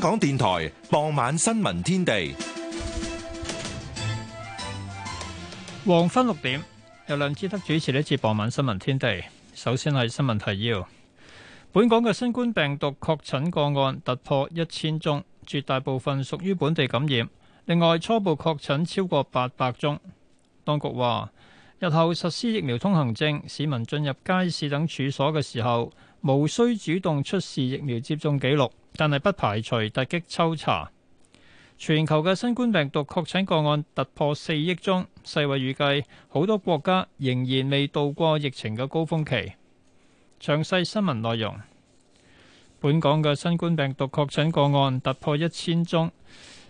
港電台傍晚新聞天地，黃昏六點由梁志德主持。呢次傍晚新聞天地。首先係新聞提要：本港嘅新冠病毒確診個案突破一千宗，絕大部分屬於本地感染。另外，初步確診超過八百宗。當局話，日後實施疫苗通行證，市民進入街市等處所嘅時候，無需主動出示疫苗接種記錄。但係不排除突擊抽查。全球嘅新冠病毒確診個案突破四億宗，世衛預計好多國家仍然未度過疫情嘅高峰期。詳細新聞內容：本港嘅新冠病毒確診個案突破一千宗，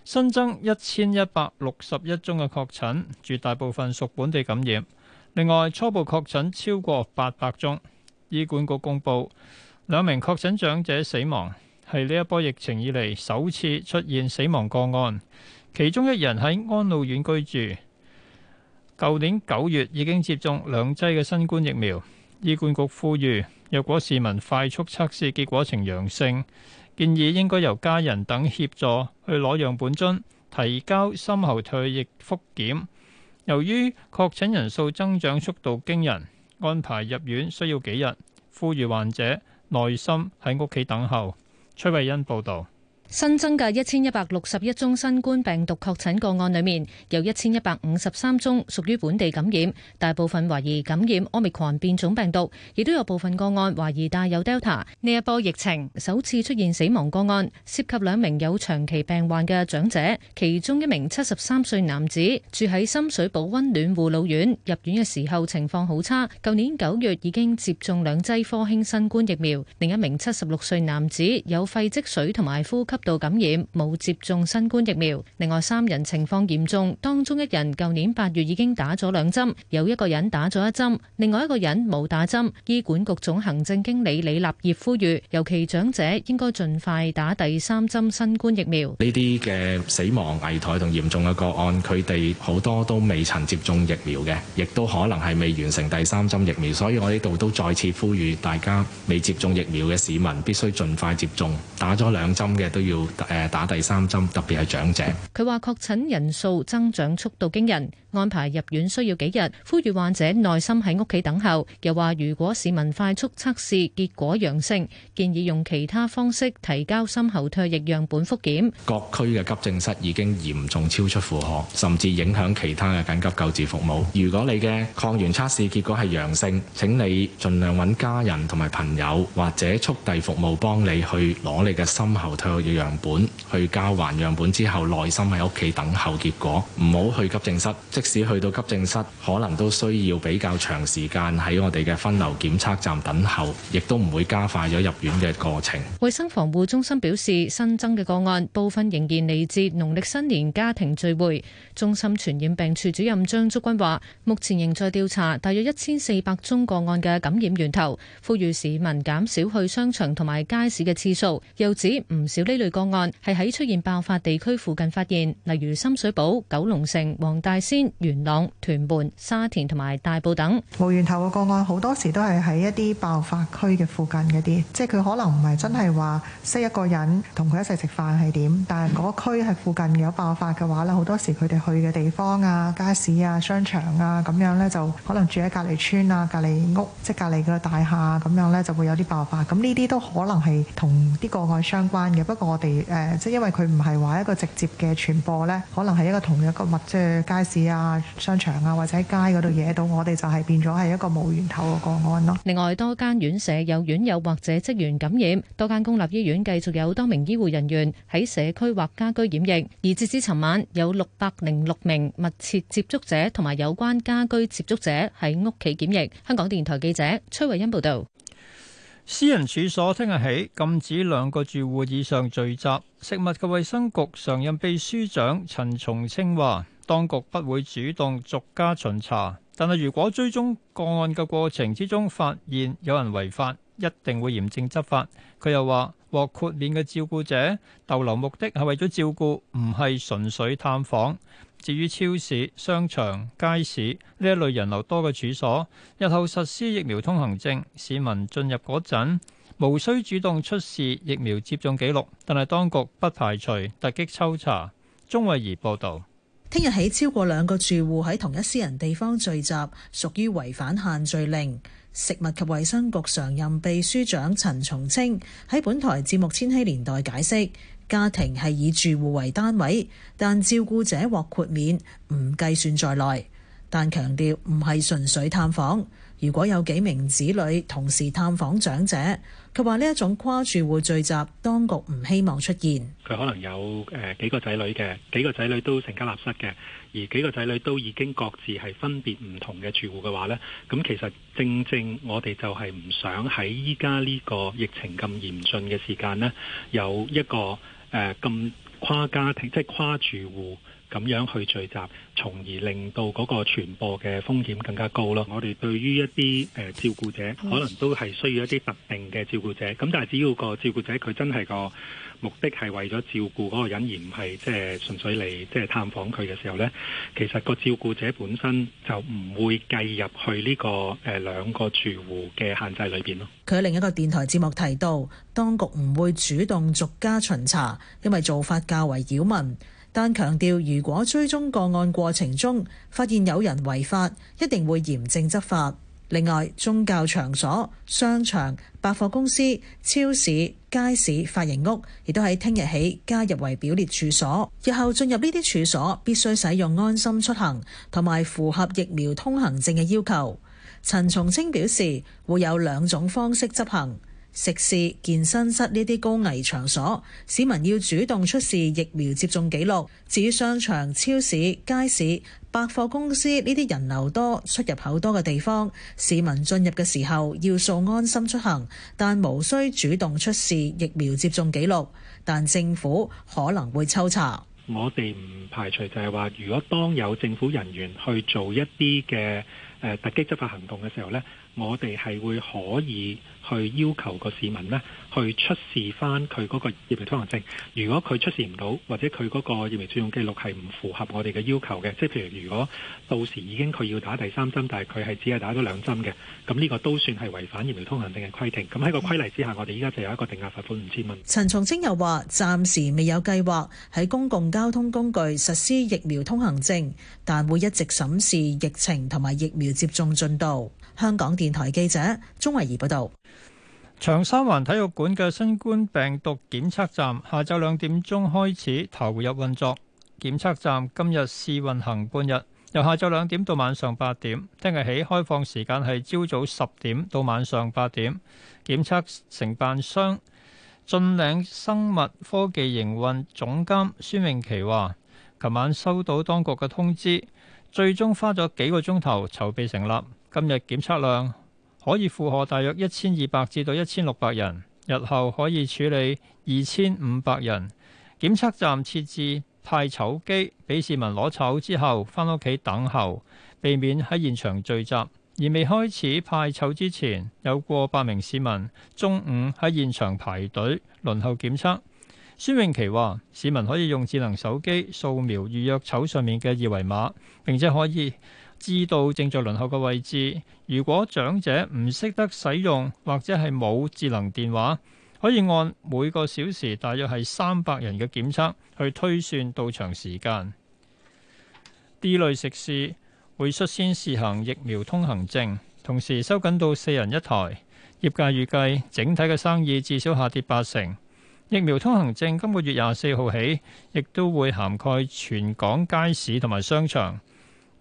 新增一千一百六十一宗嘅確診，絕大部分屬本地感染。另外，初步確診超過八百宗。醫管局公布，兩名確診長者死亡。係呢一波疫情以嚟首次出現死亡個案，其中一人喺安老院居住，舊年九月已經接種兩劑嘅新冠疫苗。醫管局呼籲，若果市民快速測試結果呈陽性，建議應該由家人等協助去攞樣本樽提交深喉唾液複檢。由於確診人數增長速度驚人，安排入院需要幾日，呼籲患者耐心喺屋企等候。崔慧欣報道。新增嘅一千一百六十一宗新冠病毒確診個案裏面，有一千一百五十三宗屬於本地感染，大部分懷疑感染 Omicron 變種病毒，亦都有部分個案懷疑帶有 Delta。呢一波疫情首次出現死亡個案，涉及兩名有長期病患嘅長者，其中一名七十三歲男子住喺深水埗溫暖護老院，入院嘅時候情況好差，舊年九月已經接種兩劑科興新冠疫苗；另一名七十六歲男子有肺積水同埋呼吸。度感染，冇接種新冠疫苗，另外三人情況嚴重，當中一人舊年八月已經打咗兩針，有一個人打咗一針，另外一個人冇打針。醫管局總行政經理李立業呼籲，尤其長者應該盡快打第三針新冠疫苗。呢啲嘅死亡危殆同嚴重嘅個案，佢哋好多都未曾接種疫苗嘅，亦都可能係未完成第三針疫苗，所以我呢度都再次呼籲大家未接種疫苗嘅市民必須盡快接種，打咗兩針嘅都要。要誒打第三針，特別係長者。佢話確診人數增長速度驚人。安排入院需要幾日？呼籲患者耐心喺屋企等候。又話如果市民快速測試結果陽性，建議用其他方式提交深喉唾液樣本復檢。各區嘅急症室已經嚴重超出負荷，甚至影響其他嘅緊急救治服務。如果你嘅抗原測試結果係陽性，請你盡量揾家人同埋朋友或者速遞服務幫你去攞你嘅深喉唾液樣本去交還樣本之後，耐心喺屋企等候結果，唔好去急症室。即使去到急症室，可能都需要比較長時間喺我哋嘅分流檢測站等候，亦都唔會加快咗入院嘅過程。衛生防護中心表示，新增嘅個案部分仍然嚟自農曆新年家庭聚會。中心傳染病處主任張竹君話，目前仍在調查大約一千四百宗個案嘅感染源頭，呼籲市民減少去商場同埋街市嘅次數，又指唔少呢類個案係喺出現爆發地區附近發現，例如深水埗、九龍城、黃大仙。元朗、屯門、沙田同埋大埔等無源頭嘅個案，好多時都係喺一啲爆發區嘅附近嗰啲，即係佢可能唔係真係話識一個人同佢一齊食飯係點，但係嗰個區係附近有爆發嘅話咧，好多時佢哋去嘅地方啊、街市啊、商場啊咁樣咧，就可能住喺隔離村啊、隔離屋，即係隔離嘅大廈啊咁樣咧，就會有啲爆發。咁呢啲都可能係同啲個案相關嘅。不過我哋誒、呃，即係因為佢唔係話一個直接嘅傳播咧，可能係一個同一個物，即係街市啊。啊，商場啊，或者街嗰度惹到我哋，就係變咗係一個冇源頭嘅個案咯。另外，多間院舍有院友或者職員感染，多間公立醫院繼續有多名醫護人員喺社區或家居檢疫。而截至尋晚，有六百零六名密切接觸者同埋有關家居接觸者喺屋企檢疫。香港電台記者崔慧欣報道。私人處所聽日起禁止兩個住戶以上聚集。食物嘅衛生局常任秘書長陳松青話。當局不會主動逐家巡查，但係如果追蹤個案嘅過程之中發現有人違法，一定會嚴正執法。佢又話：獲豁免嘅照顧者逗留目的係為咗照顧，唔係純粹探訪。至於超市、商場、街市呢一類人流多嘅處所，日後實施疫苗通行證，市民進入嗰陣無需主動出示疫苗接種記錄，但係當局不排除突擊抽查。鍾慧儀報導。聽日起，超過兩個住戶喺同一私人地方聚集，屬於違反限聚令。食物及衛生局常任秘書長陳松青喺本台節目《千禧年代》解釋：家庭係以住戶為單位，但照顧者獲豁免，唔計算在內。但強調唔係純粹探訪。如果有幾名子女同時探訪長者，佢話呢一種跨住戶聚集，當局唔希望出現。佢可能有誒幾個仔女嘅，幾個仔女都成家立室嘅，而幾個仔女都已經各自係分別唔同嘅住戶嘅話呢，咁其實正正我哋就係唔想喺依家呢個疫情咁嚴峻嘅時間呢，有一個誒咁跨家庭即係跨住戶。咁樣去聚集，從而令到嗰個傳播嘅風險更加高咯。我哋對於一啲誒、呃、照顧者，可能都係需要一啲特定嘅照顧者。咁但係只要個照顧者佢真係個目的係為咗照顧嗰個人，而唔係即係純粹嚟即係探訪佢嘅時候呢。其實個照顧者本身就唔會計入去呢、這個誒、呃、兩個住戶嘅限制裏邊咯。佢喺另一個電台節目提到，當局唔會主動逐家巡查，因為做法較為擾民。但強調，如果追蹤個案過程中發現有人違法，一定會嚴正執法。另外，宗教場所、商場、百貨公司、超市、街市、髮型屋，亦都喺聽日起加入為表列處所。日後進入呢啲處所，必須使用安心出行，同埋符合疫苗通行證嘅要求。陳松青表示，會有兩種方式執行。食肆、健身室呢啲高危場所，市民要主動出示疫苗接種記錄。至於商場、超市、街市、百貨公司呢啲人流多、出入口多嘅地方，市民進入嘅時候要掃安心出行，但無需主動出示疫苗接種記錄，但政府可能會抽查。我哋唔排除就係話如果當有政府人員去做一啲嘅，誒，突擊執法行動嘅時候咧，我哋係會可以。去要求個市民呢去出示翻佢嗰個疫苗通行證。如果佢出示唔到，或者佢嗰個疫苗接種記錄係唔符合我哋嘅要求嘅，即係譬如如果到時已經佢要打第三針，但係佢係只係打咗兩針嘅，咁呢個都算係違反疫苗通行證嘅規定。咁喺個規例之下，我哋依家就有一個定額罰款五千蚊。5, 陳松青又話：暫時未有計劃喺公共交通工具實施疫苗通行證，但會一直審視疫情同埋疫苗接種進度。香港電台記者鍾慧儀報道。長沙灣體育館嘅新冠病毒檢測站下晝兩點鐘開始投入運作。檢測站今日試運行半日，由下晝兩點到晚上八點。聽日起開放時間係朝早十點到晚上八點。檢測承辦商駿嶺生物科技營運總監孫永琪話，琴晚收到當局嘅通知，最終花咗幾個鐘頭籌備成立。今日檢測量。可以負荷大約一千二百至到一千六百人，日後可以處理二千五百人。檢測站設置派籌機，俾市民攞籌之後，返屋企等候，避免喺現場聚集。而未開始派籌之前，有過百名市民中午喺現場排隊，輪候檢測。孫永琪話：市民可以用智能手機掃描預約籌上面嘅二維碼，並且可以。知道正在輪候嘅位置。如果長者唔識得使用或者係冇智能電話，可以按每個小時大約係三百人嘅檢測去推算到場時間。D 類食肆會率先試行疫苗通行證，同時收緊到四人一台。業界預計整體嘅生意至少下跌八成。疫苗通行證今個月廿四號起，亦都會涵蓋全港街市同埋商場。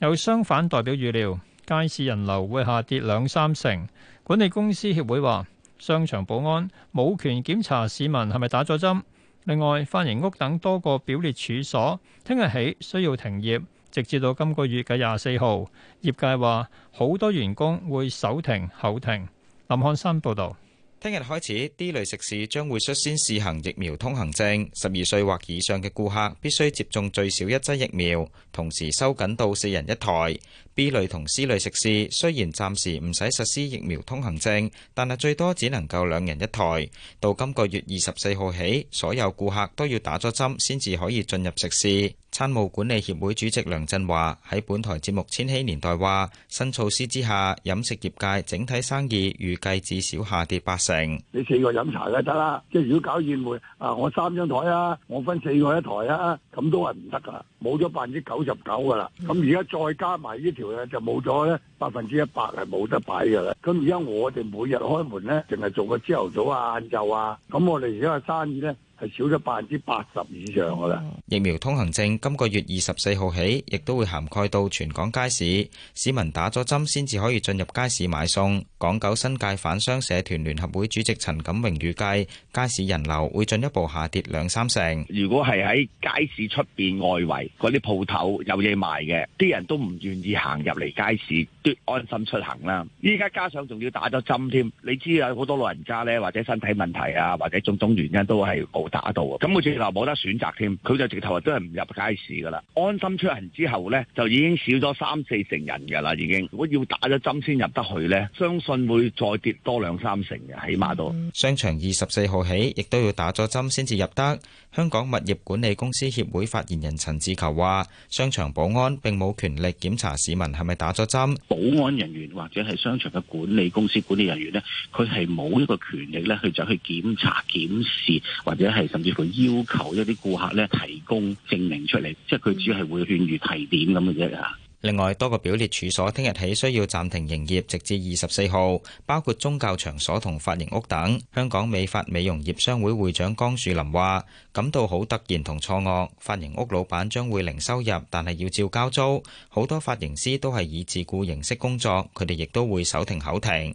有商販代表預料，街市人流會下跌兩三成。管理公司協會話，商場保安冇權檢查市民係咪打咗針。另外，髮型屋等多個表列處所，聽日起需要停業，直至到今個月嘅廿四號。業界話，好多員工會手停口停。林漢山報導。聽日開始，D 類食肆將會率先試行疫苗通行證，十二歲或以上嘅顧客必須接種最少一劑疫苗，同時收緊到四人一台。B 類同 C 類食肆雖然暫時唔使實施疫苗通行證，但係最多只能夠兩人一台。到今個月二十四號起，所有顧客都要打咗針先至可以進入食肆。餐務管理協會主席梁振華喺本台節目《千禧年代》話：新措施之下，飲食業界整體生意預計至少下跌八成。你四個飲茶都得啦，即係如果搞宴會啊，我三張台啊，我分四個一台啊，咁都係唔得噶。冇咗百分之九十九噶啦，咁而家再加埋呢條咧，就冇咗咧百分之一百係冇得擺噶啦。咁而家我哋每日開門咧，淨係做個朝頭早啊、晏晝啊，咁我哋而家嘅生意咧。係少咗百分之八十以上噶啦。疫苗通行證今個月二十四號起，亦都會涵蓋到全港街市。市民打咗針先至可以進入街市買餸。港九新界反商社團聯合會主席陳錦榮預計，街市人流會進一步下跌兩三成。如果係喺街市出邊外圍嗰啲鋪頭有嘢賣嘅，啲人都唔願意行入嚟街市，都安心出行啦。依家加上仲要打咗針添，你知有好多老人家呢，或者身體問題啊，或者種種原因都係好。打到啊！咁佢直頭冇得選擇添，佢就直頭話都係唔入街市噶啦。安心出行之後咧，就已經少咗三四成人噶啦，已經。如果要打咗針先入得去咧，相信會再跌多兩三成嘅，起碼都。商場二十四號起，亦都要打咗針先至入得。香港物業管理公司協會發言人陳志求話，商場保安並冇權力檢查市民係咪打咗針。保安人員或者係商場嘅管理公司管理人員咧，佢係冇一個權力咧，去走去檢查、檢視或者係。甚至佢要求一啲顧客咧，提供證明出嚟，即係佢只係會勸喻提點咁嘅啫嚇。另外，多個表列處所聽日起需要暫停營業，直至二十四號，包括宗教場所同髮型屋等。香港美髮美容業商會會長江樹林話：感到好突然同錯愕，髮型屋老闆將會零收入，但係要照交租。好多髮型師都係以自雇形式工作，佢哋亦都會手停口停。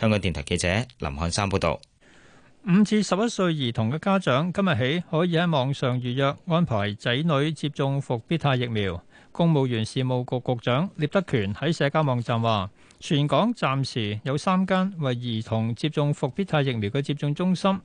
香港電台記者林漢山報道。五至十一歲兒童嘅家長今日起可以喺網上預約安排仔女接種復必泰疫苗。公務員事務局局長聶德權喺社交網站話：全港暫時有三間為兒童接種復必泰疫苗嘅接種中心，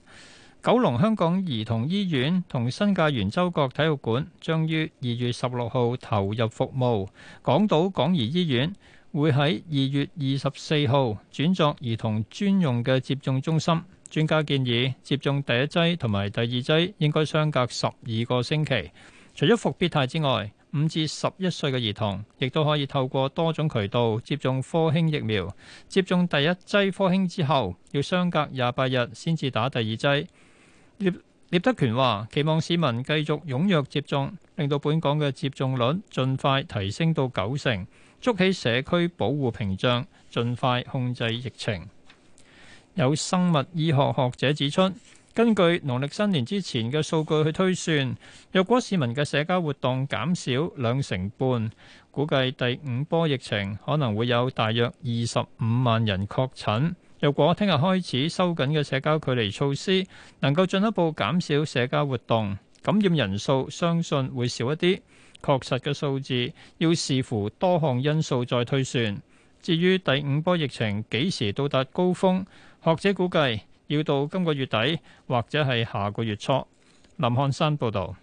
九龍香港兒童醫院同新界圓洲角體育館將於二月十六號投入服務，港島港怡醫院會喺二月二十四號轉作兒童專用嘅接種中心。專家建議，接種第一劑同埋第二劑應該相隔十二個星期。除咗復必泰之外，五至十一歲嘅兒童亦都可以透過多種渠道接種科興疫苗。接種第一劑科興之後，要相隔廿八日先至打第二劑。聶德權話：期望市民繼續踴躍接種，令到本港嘅接種率盡快提升到九成，築起社區保護屏障，盡快控制疫情。有生物醫學學者指出，根據農曆新年之前嘅數據去推算，若果市民嘅社交活動減少兩成半，估計第五波疫情可能會有大約二十五萬人確診。若果聽日開始收緊嘅社交距離措施能夠進一步減少社交活動，感染人數相信會少一啲。確實嘅數字要視乎多項因素再推算。至於第五波疫情幾時到達高峰？學者估計要到今個月底或者係下個月初。林漢山報道，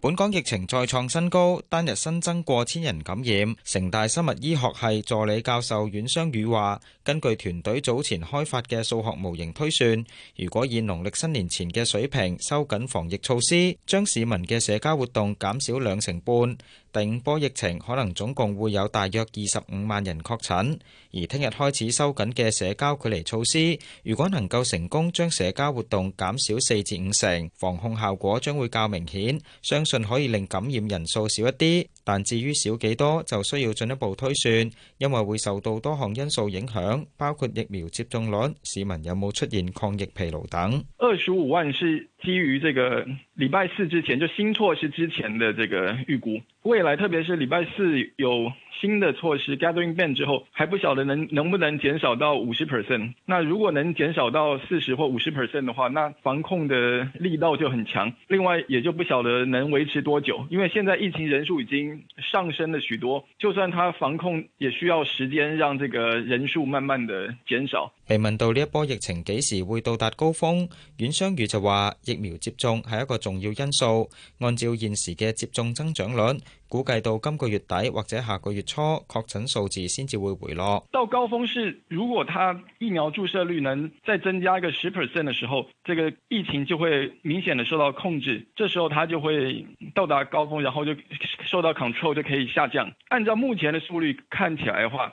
本港疫情再創新高，單日新增過千人感染。城大生物醫學系助理教授阮雙宇話，根據團隊早前開發嘅數學模型推算，如果以農曆新年前嘅水平收緊防疫措施，將市民嘅社交活動減少兩成半。第五波疫情可能總共會有大約二十五萬人確診，而聽日開始收緊嘅社交距離措施，如果能夠成功將社交活動減少四至五成，防控效果將會較明顯，相信可以令感染人數少一啲。但至於少幾多，就需要進一步推算，因為會受到多項因素影響，包括疫苗接種率、市民有冇出現抗疫疲勞等。二十五萬是基於這個禮拜四之前就新措施之前的這個預估，未來特別是禮拜四有。新的措施 gathering ban 之後，還不曉得能能不能減少到五十 percent。那如果能減少到四十或五十 percent 的話，那防控的力道就很強。另外也就不曉得能維持多久，因為現在疫情人數已經上升了很多，就算他防控也需要時間，讓這個人數慢慢的減少。被問到呢一波疫情幾時會到達高峰，阮相宇就話疫苗接種係一個重要因素。按照現時嘅接種增長率。估計到今個月底或者下個月初，確診數字先至會回落。到高峰是如果它疫苗注射率能再增加一個十 percent 的時候，這個疫情就會明顯的受到控制。這時候它就會到達高峰，然後就受到 control 就可以下降。按照目前的數率看起來的話。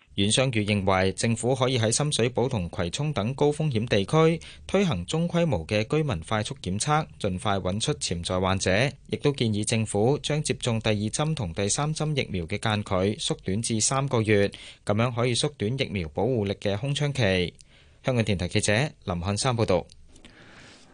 阮尚月認為政府可以喺深水埗同葵涌等高風險地區推行中規模嘅居民快速檢測，盡快揾出潛在患者。亦都建議政府將接種第二針同第三針疫苗嘅間距縮短至三個月，咁樣可以縮短疫苗保護力嘅空窗期。香港電台記者林漢山報道。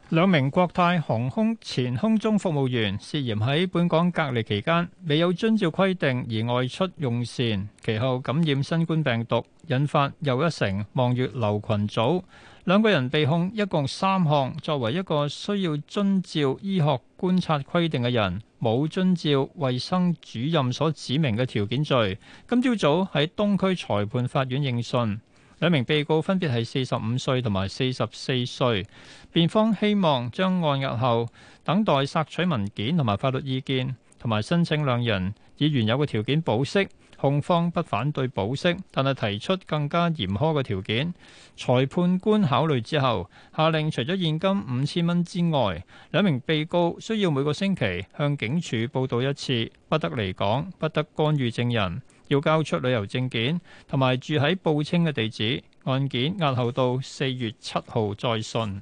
兩名國泰航空前空中服務員涉嫌喺本港隔離期間未有遵照規定而外出用膳，其後感染新冠病毒，引發又一城望月流群組。兩個人被控一共三項，作為一個需要遵照醫學觀察規定嘅人，冇遵照衛生主任所指明嘅條件罪。今朝早喺東區裁判法院應訊。兩名被告分別係四十五歲同埋四十四歲，辯方希望將案押後，等待索取文件同埋法律意見，同埋申請兩人以原有嘅條件保釋。控方不反對保釋，但係提出更加嚴苛嘅條件。裁判官考慮之後，下令除咗現金五千蚊之外，兩名被告需要每個星期向警署報到一次，不得離港，不得干預證人。要交出旅遊證件，同埋住喺報稱嘅地址。案件押後到四月七號再訊。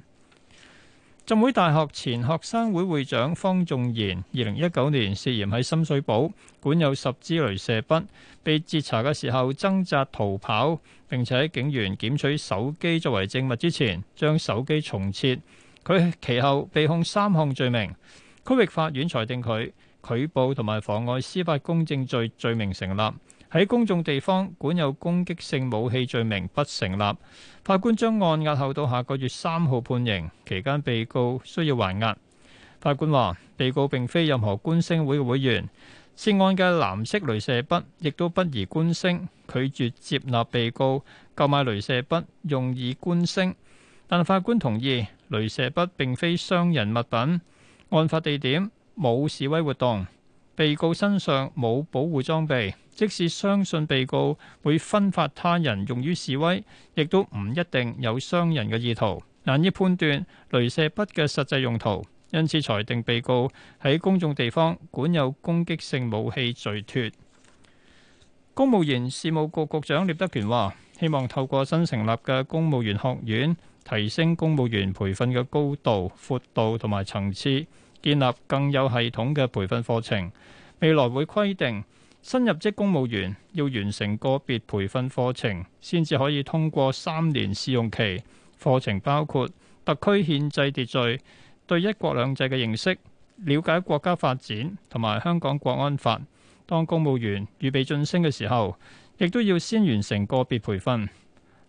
浸會大學前學生會會長方仲賢，二零一九年涉嫌喺深水埗管有十支鐳射筆，被截查嘅時候掙扎逃跑，並且喺警員檢取手機作為證物之前，將手機重設。佢其後被控三項罪名。區域法院裁定佢拒捕同埋妨礙司法公正罪罪名成立。喺公眾地方管有攻擊性武器罪名不成立，法官將案押後到下個月三號判刑，期間被告需要還押。法官話，被告並非任何觀星會嘅會員，涉案嘅藍色鐳射筆亦都不宜觀星，拒絕接納被告購買鐳射筆用以觀星。但法官同意鐳射筆並非傷人物品，案發地點冇示威活動。被告身上冇保護裝備，即使相信被告會分發他人用於示威，亦都唔一定有傷人嘅意圖，難以判斷雷射筆嘅實際用途，因此裁定被告喺公眾地方管有攻擊性武器罪脫。公務員事務局局長聶德權話，希望透過新成立嘅公務員學院，提升公務員培訓嘅高度、闊度同埋層次。建立更有系統嘅培訓課程，未來會規定新入職公務員要完成個別培訓課程，先至可以通過三年試用期。課程包括特區憲制秩序、對一國兩制嘅認識、了解國家發展同埋香港國安法。當公務員預備晉升嘅時候，亦都要先完成個別培訓，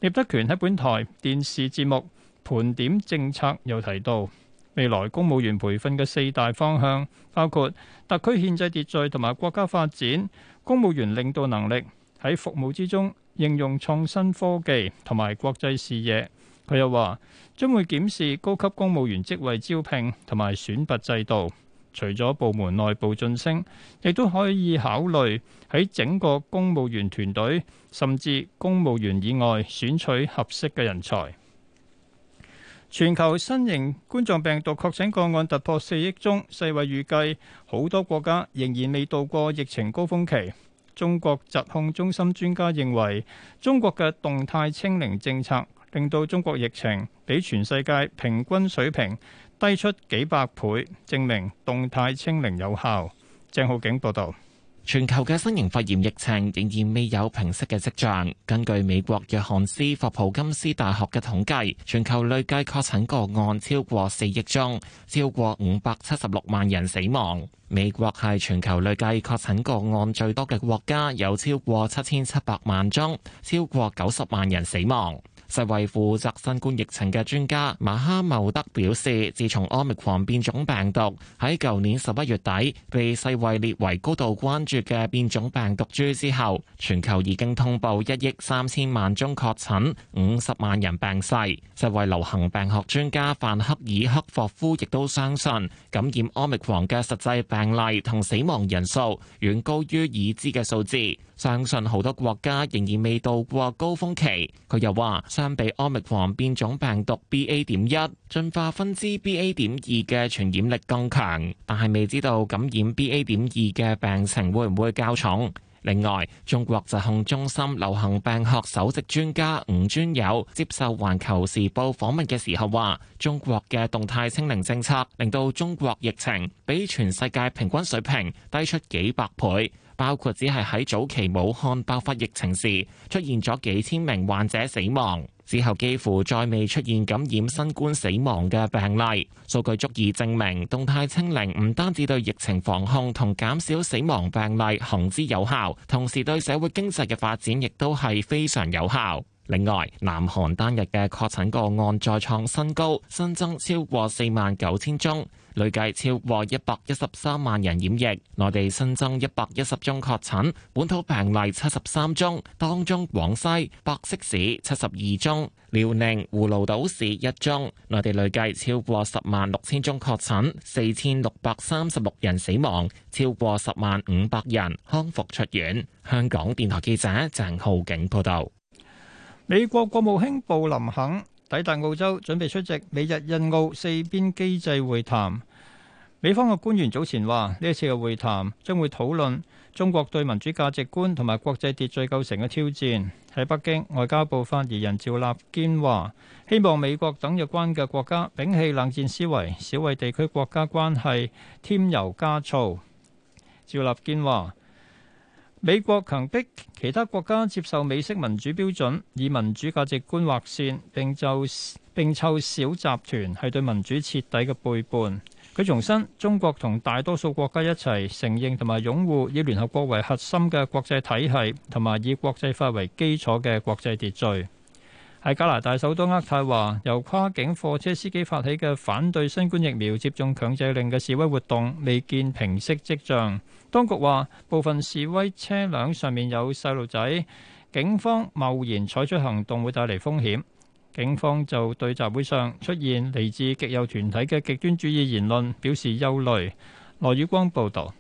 聶德權喺本台電視節目盤點政策又提到。未來公務員培訓嘅四大方向，包括特區憲制秩序同埋國家發展、公務員領導能力喺服務之中應用創新科技同埋國際視野。佢又話將會檢視高級公務員職位招聘同埋選拔制度，除咗部門內部晉升，亦都可以考慮喺整個公務員團隊甚至公務員以外選取合適嘅人才。全球新型冠狀病毒確診個案突破四億宗，世衛預計好多國家仍然未度過疫情高峰期。中國疾控中心專家認為中國嘅動態清零政策令到中國疫情比全世界平均水平低出幾百倍，證明動態清零有效。鄭浩景報道。全球嘅新型肺炎疫情仍然未有平息嘅跡象。根據美國約翰斯霍普金斯大學嘅統計，全球累計確診個案超過四億宗，超過五百七十六萬人死亡。美國係全球累計確診個案最多嘅國家，有超過七千七百萬宗，超過九十萬人死亡。世衛負責新冠疫情嘅專家馬哈茂德表示，自從奧密克戎變種病毒喺舊年十一月底被世衛列為高度關注嘅變種病毒株之後，全球已經通報一億三千萬宗確診、五十萬人病逝。世衛流行病學專家范克爾克霍夫亦都相信，感染奧密克戎嘅實際病例同死亡人數遠高於已知嘅數字。相信好多國家仍然未到過高峰期。佢又話：相比奧密克戎變種病毒 B A 點一，進化分支 B A 點二嘅傳染力更強，但係未知道感染 B A 點二嘅病情會唔會較重。另外，中國疾控中心流行病學首席專家吳尊友接受《環球時報》訪問嘅時候話：中國嘅動態清零政策令到中國疫情比全世界平均水平低出幾百倍。包括只係喺早期武漢爆發疫情時出現咗幾千名患者死亡，之後幾乎再未出現感染新冠死亡嘅病例。數據足以證明，動態清零唔單止對疫情防控同減少死亡病例行之有效，同時對社會經濟嘅發展亦都係非常有效。另外，南韓單日嘅確診個案再創新高，新增超過四萬九千宗。累計超過一百一十三萬人染疫，內地新增一百一十宗確診，本土病例七十三宗，當中廣西百色市七十二宗，遼寧葫蘆島市一宗。內地累計超過十萬六千宗確診，四千六百三十六人死亡，超過十萬五百人康復出院。香港電台記者鄭浩景報道。美國國務卿布林肯抵達澳洲，準備出席美日印澳四邊機制會談。美方嘅官員早前話呢一次嘅會談將會討論中國對民主價值觀同埋國際秩序構成嘅挑戰。喺北京，外交部發言人趙立堅話，希望美國等有關嘅國家摒棄冷戰思維，少為地區國家關係添油加醋。趙立堅話。美國強迫其他國家接受美式民主標準，以民主價值觀劃線，並就並湊小集團，係對民主徹底嘅背叛。佢重申，中國同大多數國家一齊承認同埋擁護以聯合國為核心嘅國際體系，同埋以國際法為基礎嘅國際秩序。喺加拿大首都渥太華，由跨境貨車司機發起嘅反對新冠疫苗接種強制令嘅示威活動，未見平息跡象。當局話，部分示威車輛上面有細路仔，警方貿然採取行動會帶嚟風險。警方就對集會上出現嚟自極右團體嘅極端主義言論表示憂慮。羅宇光報導。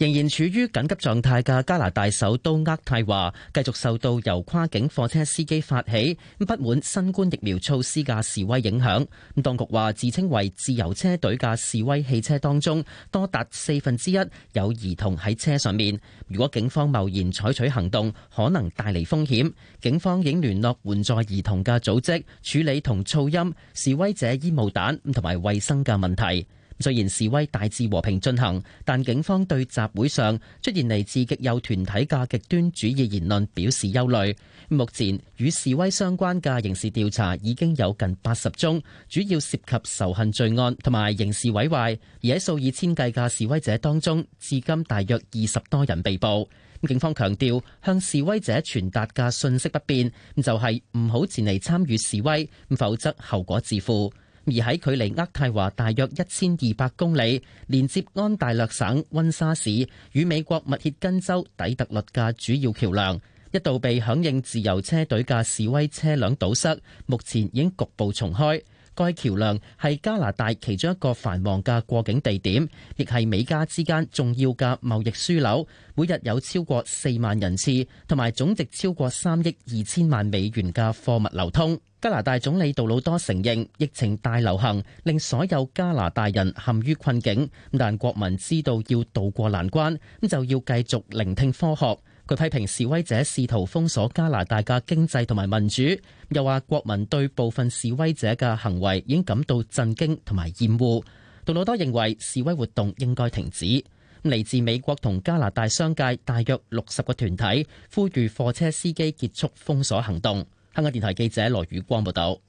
仍然處於緊急狀態嘅加拿大首都渥太華，繼續受到由跨境貨車司機發起不滿新冠疫苗措施嘅示威影響。咁當局話，自稱為自由車隊嘅示威汽車當中，多達四分之一有兒童喺車上面。如果警方貿然採取行動，可能帶嚟風險。警方已經聯絡援助兒童嘅組織，處理同噪音示威者煙霧彈同埋衞生嘅問題。雖然示威大致和平進行，但警方對集會上出現嚟自極右團體嘅極端主義言論表示憂慮。目前與示威相關嘅刑事調查已經有近八十宗，主要涉及仇恨罪案同埋刑事毀壞。而喺數以千計嘅示威者當中，至今大約二十多人被捕。警方強調，向示威者傳達嘅信息不變，就係唔好前嚟參與示威，否則後果自負。而喺距離渥太華大約一千二百公里，連接安大略省溫莎市與美國密歇根州底特律嘅主要橋樑，一度被響應自由車隊嘅示威車輛堵塞，目前已經局部重開。該橋梁係加拿大其中一個繁忙嘅過境地點，亦係美加之間重要嘅貿易樞紐，每日有超過四萬人次，同埋總值超過三億二千萬美元嘅貨物流通。加拿大總理杜魯多承認，疫情大流行令所有加拿大人陷於困境，但國民知道要渡過難關，咁就要繼續聆聽科學。佢批評示威者試圖封鎖加拿大嘅經濟同埋民主，又話國民對部分示威者嘅行為已經感到震驚同埋厭惡。杜魯多認為示威活動應該停止。嚟自美國同加拿大商界大約六十個團體呼籲貨車司機結束封鎖行動。香港電台記者羅宇光報道。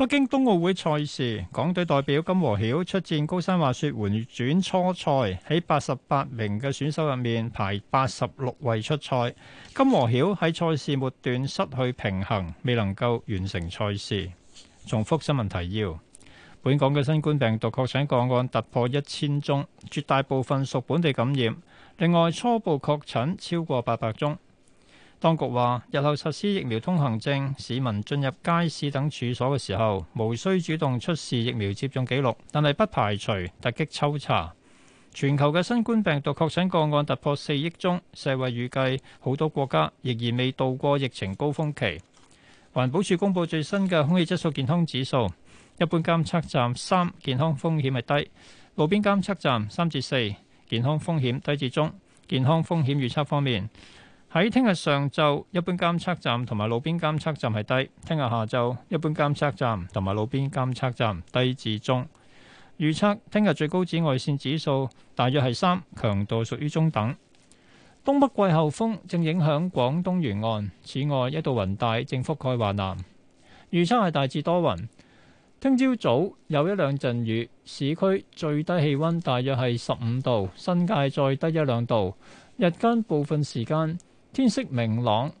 北京冬奧會賽事，港隊代表金和曉出戰高山滑雪緩轉初賽，喺八十八名嘅選手入面排八十六位出賽。金和曉喺賽事末段失去平衡，未能夠完成賽事。重複新聞提要：本港嘅新冠病毒確診個案突破一千宗，絕大部分屬本地感染。另外，初步確診超過八百宗。當局話，日後實施疫苗通行證，市民進入街市等處所嘅時候，無需主動出示疫苗接種記錄，但係不排除突擊抽查。全球嘅新冠病毒確診個案突破四億宗，世衞預計好多國家仍然未渡過疫情高峰期。環保署公布最新嘅空氣質素健康指數，一般監測站三，健康風險係低；路邊監測站三至四，健康風險低至中。健康風險預測方面。喺聽日上晝，一般監測站同埋路邊監測站係低；聽日下晝，一般監測站同埋路邊監測站低至中。預測聽日最高紫外線指數大約係三，強度屬於中等。東北季候風正影響廣東沿岸，此外一道雲帶正覆蓋華南，預測係大致多雲。聽朝早有一兩陣雨，市區最低氣温大約係十五度，新界再低一兩度。日間部分時間。天色明朗，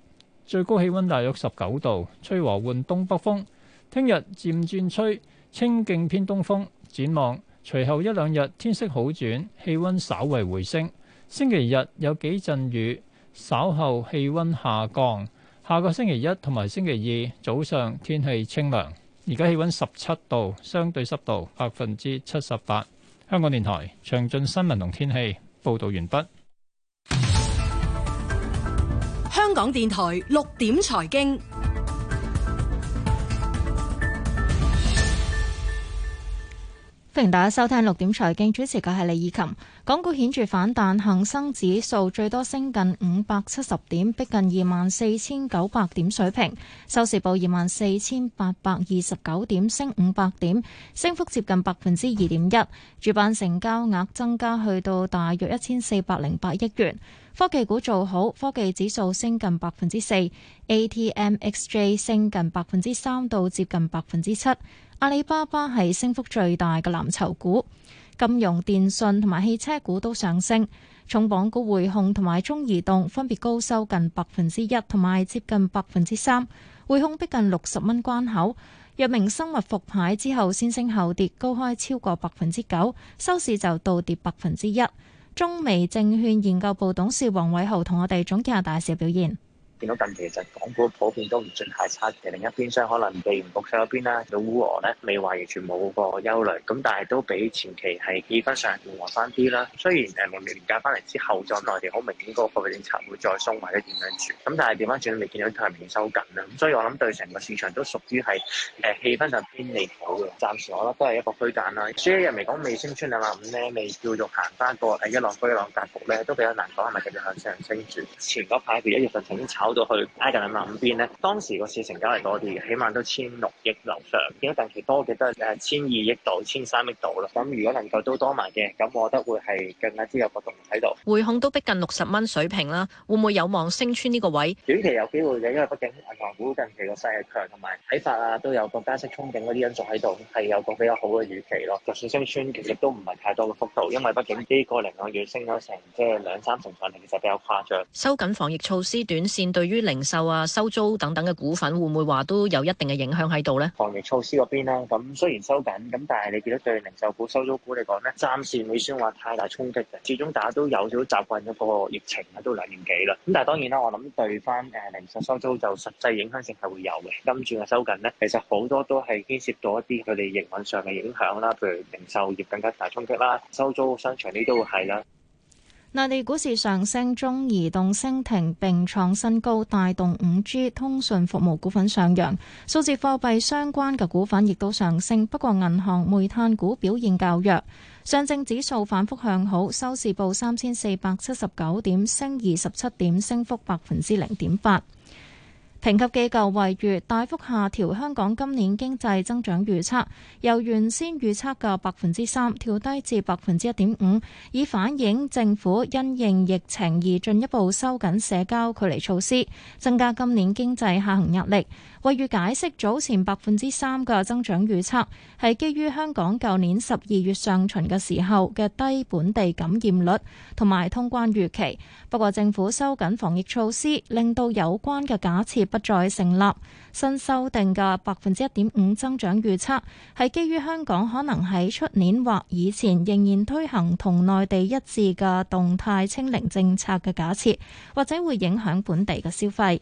最高氣溫大約十九度，吹和緩東北風，聽日漸轉吹清勁偏東風。展望隨後一兩日天色好轉，氣溫稍為回升。星期日有幾陣雨，稍後氣溫下降。下個星期一同埋星期二早上天氣清涼。而家氣溫十七度，相對濕度百分之七十八。香港電台詳盡新聞同天氣報道完畢。香港電台六點財經，歡迎大家收聽六點財經。主持嘅係李以琴。港股顯著反彈，恒生指數最多升近五百七十點，逼近二萬四千九百點水平。收市報二萬四千八百二十九點，升五百點，升幅接近百分之二點一。主板成交額增加去到大約一千四百零八億元。科技股做好，科技指數升近百分之四，ATMXJ 升近百分之三到接近百分之七。阿里巴巴係升幅最大嘅藍籌股，金融、電信同埋汽車股都上升。重磅股匯控同埋中移動分別高收近百分之一同埋接近百分之三。匯控逼近六十蚊關口，藥明生物復牌之後先升後跌，高開超過百分之九，收市就倒跌百分之一。中微證券研究部董事王偉豪，同我哋總結下大市表現。見到近期就港股普遍都唔算太差嘅。另一邊廂可能未完復收一邊啦，就烏俄咧話未完全冇個憂慮，咁但係都比前期係氣氛上緩和翻啲啦。雖然誒明年假翻嚟之後，再內地好明顯個貨幣政策會再鬆或者點樣住，咁但係調翻轉未見到太明顯收緊啦。咁所以我諗對成個市場都屬於係誒氣氛就偏利好嘅，暫時我覺得都係一個區間啦。所以入嚟講未升穿兩萬五咧，未叫做行翻個誒一浪高一浪格局咧，都比較難講係咪繼續向上升住。前嗰排佢一月份整炒。到去挨近兩萬五邊呢，當時個市成交係多啲，起碼都千六億樓上。如果近期多嘅都係誒千二億到千三億度啦。咁如果能夠都多埋嘅，咁我覺得會係更加之有活動喺度。匯控都逼近六十蚊水平啦，會唔會有望升穿呢個位？短期有機會嘅，因為畢竟銀行股近期個勢係強，同埋睇法啊都有加息憧憬嗰啲因素喺度，係有個比較好嘅預期咯。就算升穿，其實都唔係太多嘅幅度，因為畢竟呢個零兩月升咗成即係兩三成份，其實比較誇張。收緊防疫措施，短線。對於零售啊、收租等等嘅股份，會唔會話都有一定嘅影響喺度咧？防疫措施嗰邊啦，咁雖然收緊，咁但係你記得對零售股、收租股嚟講咧，暫時未算話太大衝擊嘅。始終大家都有咗習慣咗個疫情啊，都兩年幾啦。咁但係當然啦，我諗對翻誒零售收租就實際影響性係會有嘅。跟住啊，收緊咧，其實好多都係牽涉到一啲佢哋營運上嘅影響啦，譬如零售業更加大衝擊啦，收租商場呢都會係啦。內地股市上升，中移動升停並創新高，帶動五 G 通訊服務股份上揚，數字貨幣相關嘅股份亦都上升。不過銀行、煤炭股表現較弱。上證指數反覆向好，收市報三千四百七十九點，升二十七點，升幅百分之零點八。評級機構惠譽大幅下調香港今年經濟增長預測，由原先預測嘅百分之三調低至百分之一點五，以反映政府因應疫情而進一步收緊社交距離措施，增加今年經濟下行壓力。為了解釋早前百分之三嘅增長預測，係基於香港舊年十二月上旬嘅時候嘅低本地感染率同埋通關預期。不過政府收緊防疫措施，令到有關嘅假設不再成立。新修訂嘅百分之一點五增長預測，係基於香港可能喺出年或以前仍然推行同內地一致嘅動態清零政策嘅假設，或者會影響本地嘅消費。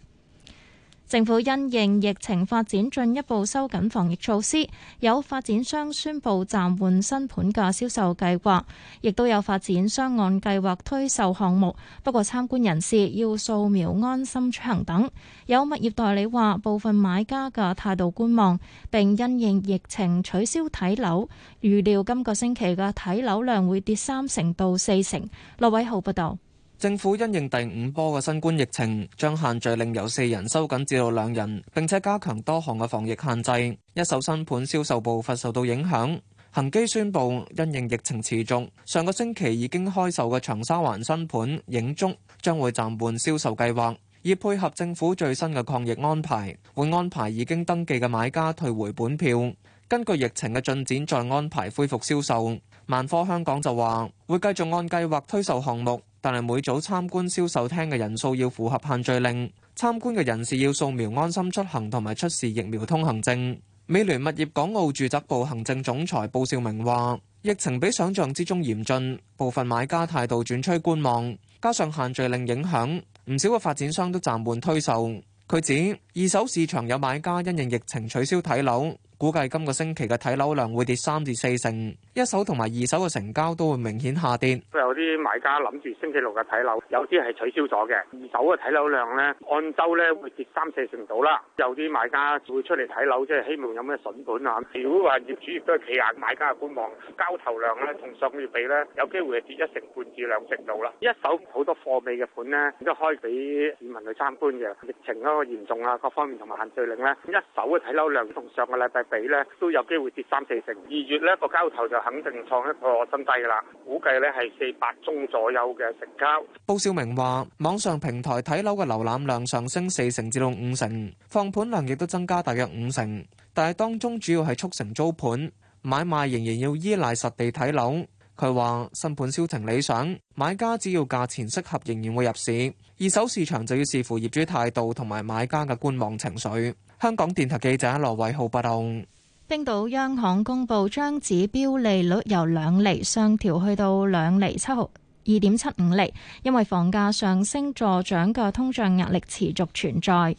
政府因應疫情發展進一步收緊防疫措施，有發展商宣布暫緩新盤嘅銷售計劃，亦都有發展商按計劃推售項目，不過參觀人士要掃描安心出行等。有物業代理話，部分買家嘅態度觀望，並因應疫情取消睇樓，預料今個星期嘅睇樓量會跌三成到四成。羅偉浩報道。政府因應第五波嘅新冠疫情，將限聚令由四人收緊至到兩人，並且加強多項嘅防疫限制。一手新盤銷售步伐受到影響，恒基宣布因應疫情持續，上個星期已經開售嘅長沙灣新盤映築將會暫緩銷售計劃，以配合政府最新嘅抗疫安排，會安排已經登記嘅買家退回本票，根據疫情嘅進展再安排恢復銷售。萬科香港就話會繼續按計劃推售項目，但係每組參觀銷售廳嘅人數要符合限聚令，參觀嘅人士要掃描安心出行同埋出示疫苗通行證。美聯物業港澳住宅部行政總裁布少明話：疫情比想象之中嚴峻，部分買家態度轉趨觀望，加上限聚令影響，唔少嘅發展商都暫緩推售。佢指二手市場有買家因應疫情取消睇樓。估計今個星期嘅睇樓量會跌三至四成，一手同埋二手嘅成交都會明顯下跌。都有啲買家諗住星期六嘅睇樓，有啲係取消咗嘅。二手嘅睇樓量呢，按周呢會跌三四成度啦。有啲買家會出嚟睇樓，即係希望有咩筍盤啊。如果話業主亦都係企硬，買家嘅觀望，交投量呢，同上個月比呢，有機會係跌一成半至兩成度啦。一手好多貨尾嘅款呢，都開俾市民去參觀嘅。疫情嗰個嚴重啊，各方面同埋限聚令呢，一手嘅睇樓量同上個禮拜。比咧都有機會跌三四成，二月呢個交投就肯定創一個新低啦。估計呢係四百宗左右嘅成交。布少明話：網上平台睇樓嘅瀏覽量上升四成至到五成，放盤量亦都增加大約五成。但係當中主要係促成租盤，買賣仍然要依賴實地睇樓。佢話新盤銷情理想，買家只要價錢適合，仍然會入市。二手市場就要視乎業主態度同埋買家嘅觀望情緒。香港電台記者羅偉浩報道：不動冰島央行公布將指標利率由兩厘上調去到兩厘七毫二點七五厘，因為房價上升助長嘅通脹壓力持續存在。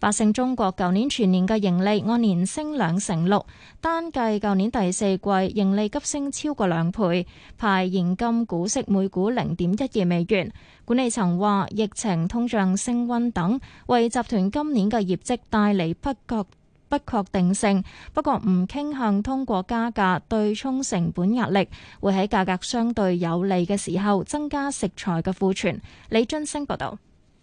百勝中國舊年全年嘅盈利按年升兩成六，單計舊年第四季盈利急升超過兩倍，派現金股息每股零點一二美元。管理層話，疫情、通脹升温等為集團今年嘅業績帶嚟不確不確定性，不過唔傾向通過加價對沖成本壓力，會喺價格相對有利嘅時候增加食材嘅庫存。李津升報道。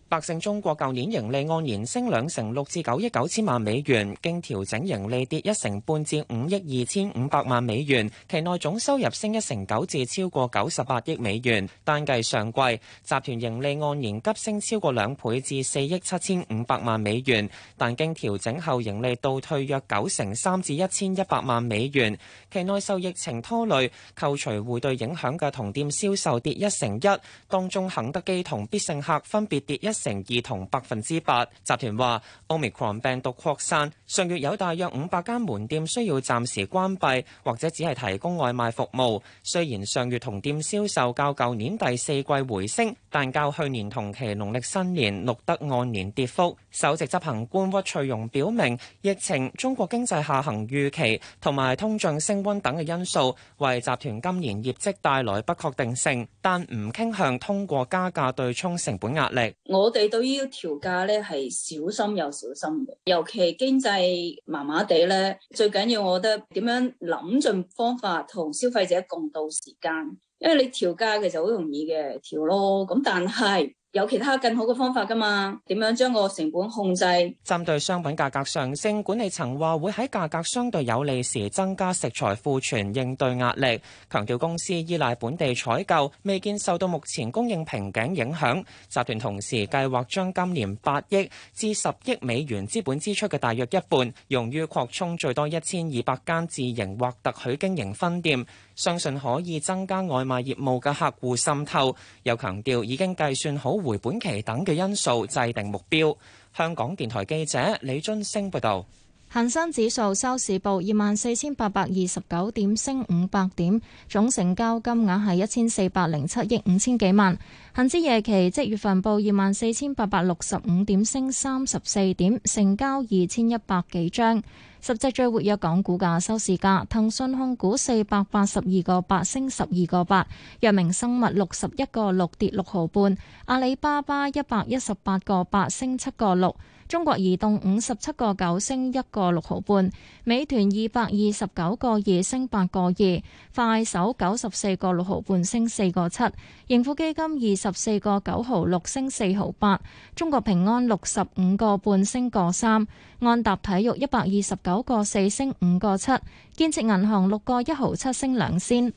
百勝中國舊年盈利按年升兩成六至九億九千萬美元，經調整盈利跌一成半至五億二千五百萬美元。期內總收入升一成九至超過九十八億美元。單計上季，集團盈利按年急升超過兩倍至四億七千五百萬美元，但經調整後盈利倒退約九成三至一千一百萬美元。期內受疫情拖累，扣除匯兌影響嘅同店銷售跌一成一，當中肯德基同必勝客分別跌一。成二同百分之八，集團話 omicron 病毒擴散，上月有大約五百間門店需要暫時關閉或者只係提供外賣服務，雖然上月同店銷售較舊年第四季回升，但較去年同期農曆新年錄得按年跌幅。首席執行官屈翠容表明，疫情、中國經濟下行預期同埋通脹升溫等嘅因素，為集團今年業績帶來不確定性，但唔傾向通過加價對沖成本壓力。我哋對於調價咧係小心又小心，尤其經濟麻麻地咧，最緊要我覺得點樣諗盡方法同消費者共度時艱，因為你調價其實好容易嘅調咯，咁但係。有其他更好嘅方法噶嘛，點樣將個成本控制？針對商品價格上升，管理層話會喺價格相對有利時增加食材庫存應對壓力。強調公司依賴本地採購，未見受到目前供應瓶頸影響。集團同時計劃將今年八億至十億美元資本支出嘅大約一半，用於擴充最多一千二百間自營或特許經營分店，相信可以增加外賣業務嘅客戶滲透。又強調已經計算好。回本期等嘅因素制定目標，香港電台記者李津升報道，恒生指數收市報二萬四千八百二十九點升五百點，總成交金額係一千四百零七億五千幾萬。恒指夜期即月份報二萬四千八百六十五點，升三十四點，成交二千一百幾張。十隻最活躍港股嘅收市價：騰訊控股四百八十二個八，升十二個八；藥明生物六十一個六，跌六毫半；阿里巴巴一百一十八個八，升七個六；中國移動五十七個九，升一個六毫半；美團二百二十九個二，升八個二；快手九十四個六毫半，升四個七；盈富基金二十。十四個九毫六，升四毫八，中國平安六十五個半，升個三，安踏體育一百二十九個四，升五個七，建設銀行六個一毫七，升兩仙。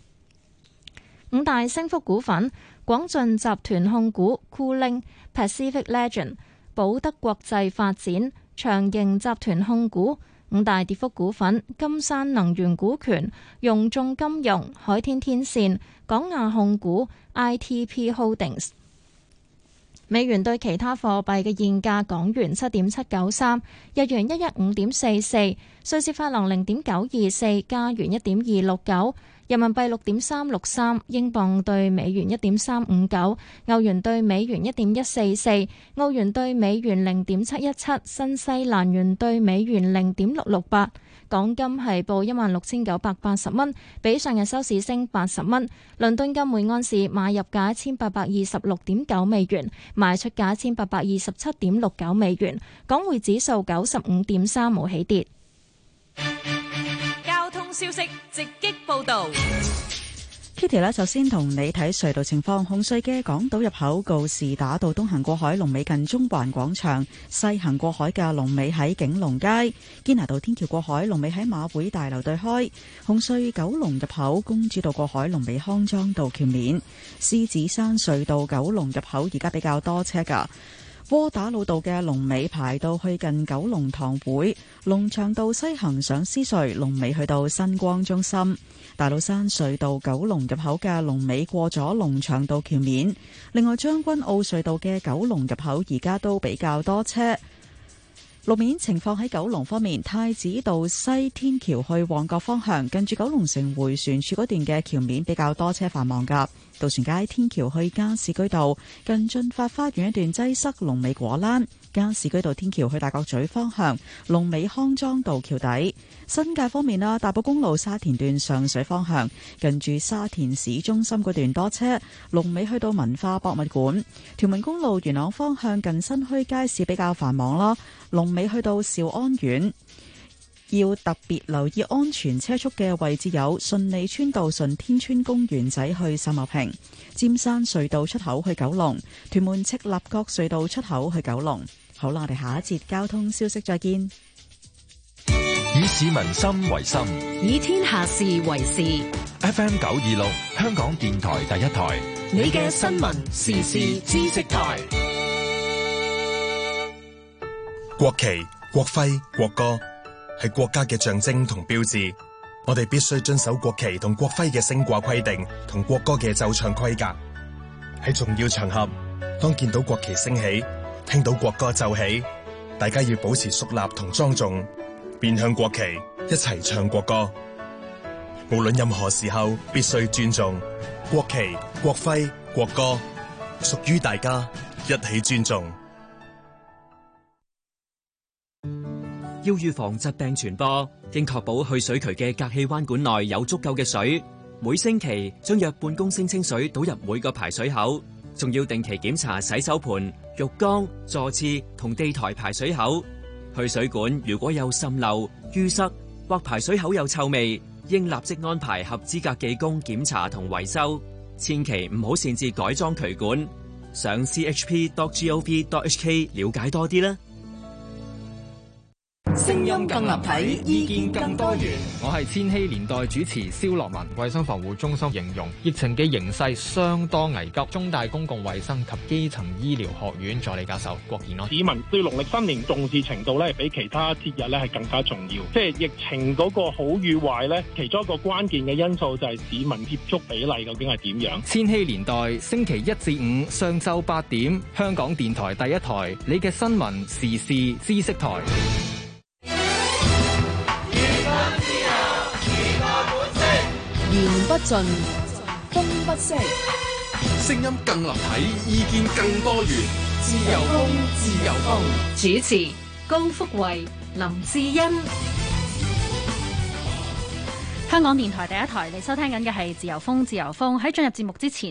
五大升幅股份：廣進集團控股、酷靈、Pacific Legend、寶德國際發展、長盈集團控股。五大跌幅股份：金山能源股權、融眾金融、海天天線。港亞控股、ITP Holdings。美元對其他貨幣嘅現價：港元七點七九三，日元一一五點四四，瑞士法郎零點九二四，加元一點二六九，人民幣六點三六三，英鎊對美元一點三五九，歐元對美元一點一四四，澳元對美元零點七一七，新西蘭元對美元零點六六八。港金係報一萬六千九百八十蚊，比上日收市升八十蚊。倫敦金每安士買入價一千八百二十六點九美元，賣出價一千八百二十七點六九美元。港匯指數九十五點三冇起跌。交通消息直擊報道。Kitty 咧，就先同你睇隧道情況。紅隧嘅港島入口告士打道東行過海龍尾近中環廣場，西行過海嘅龍尾喺景隆街、堅拿道天橋過海龍尾喺馬會大樓對開。紅隧九龍入口公主道過海龍尾康莊道橋面，獅子山隧道九龍入口而家比較多車噶。窩打老道嘅龍尾排到去近九龍塘會，龍翔道西行上獅隧龍尾去到新光中心，大老山隧道九龍入口嘅龍尾過咗龍翔道橋面，另外將軍澳隧道嘅九龍入口而家都比較多車。路面情況喺九龍方面，太子道西天橋去旺角方向，近住九龍城迴旋處嗰段嘅橋面比較多車，繁忙噶。渡船街天橋去加士居道，近駿發花園一段擠塞，龍尾果欄。加士居道天橋去大角咀方向，龍尾康莊道橋底。新界方面啦，大埔公路沙田段上水方向近住沙田市中心嗰段多車，龍尾去到文化博物館。屯門公路元朗方向近新墟街市比較繁忙啦，龍尾去到兆安苑。要特別留意安全車速嘅位置有順利村道順天村公園仔去秀茂坪、尖山隧道出口去九龍，屯門赤鱲角隧道出口去九龍。好啦，我哋下一節交通消息再見。以市民心為心，以天下事為事。FM 九二六，香港電台第一台，你嘅新聞時事知識台。國旗、國徽、國歌係國家嘅象徵同標誌，我哋必須遵守國旗同國徽嘅升掛規定，同國歌嘅奏唱規格。喺重要場合，當見到國旗升起。聽到國歌奏起，大家要保持肅立同莊重，面向國旗，一齊唱國歌。無論任何時候，必須尊重國旗、國徽、國歌，屬於大家，一起尊重。要預防疾病傳播，應確保去水渠嘅隔氣彎管內有足夠嘅水。每星期將約半公升清水倒入每個排水口。仲要定期檢查洗手盆、浴缸、坐廁同地台排水口。去水管如果有滲漏、淤塞或排水口有臭味，應立即安排合資格技工檢查同維修。千祈唔好擅自改裝渠管。上 chp.gov.hk 了解多啲啦。聲音更立體，意見更多元。我係千禧年代主持蕭樂文。衛生防護中心形容疫情嘅形勢相當危急。中大公共衛生及基層醫療學院助理教授郭健安，市民對農曆新年重視程度咧，比其他節日咧係更加重要。即係疫情嗰個好與壞咧，其中一個關鍵嘅因素就係市民接觸比例究竟係點樣。千禧年代星期一至五上晝八點，香港電台第一台，你嘅新聞時事知識台。不盡風不息，聲音更立體，意見更多元，自由風，自由風。主持：高福慧、林志恩。香港電台第一台，你收聽緊嘅係自由風，自由風，喺進入節目之前。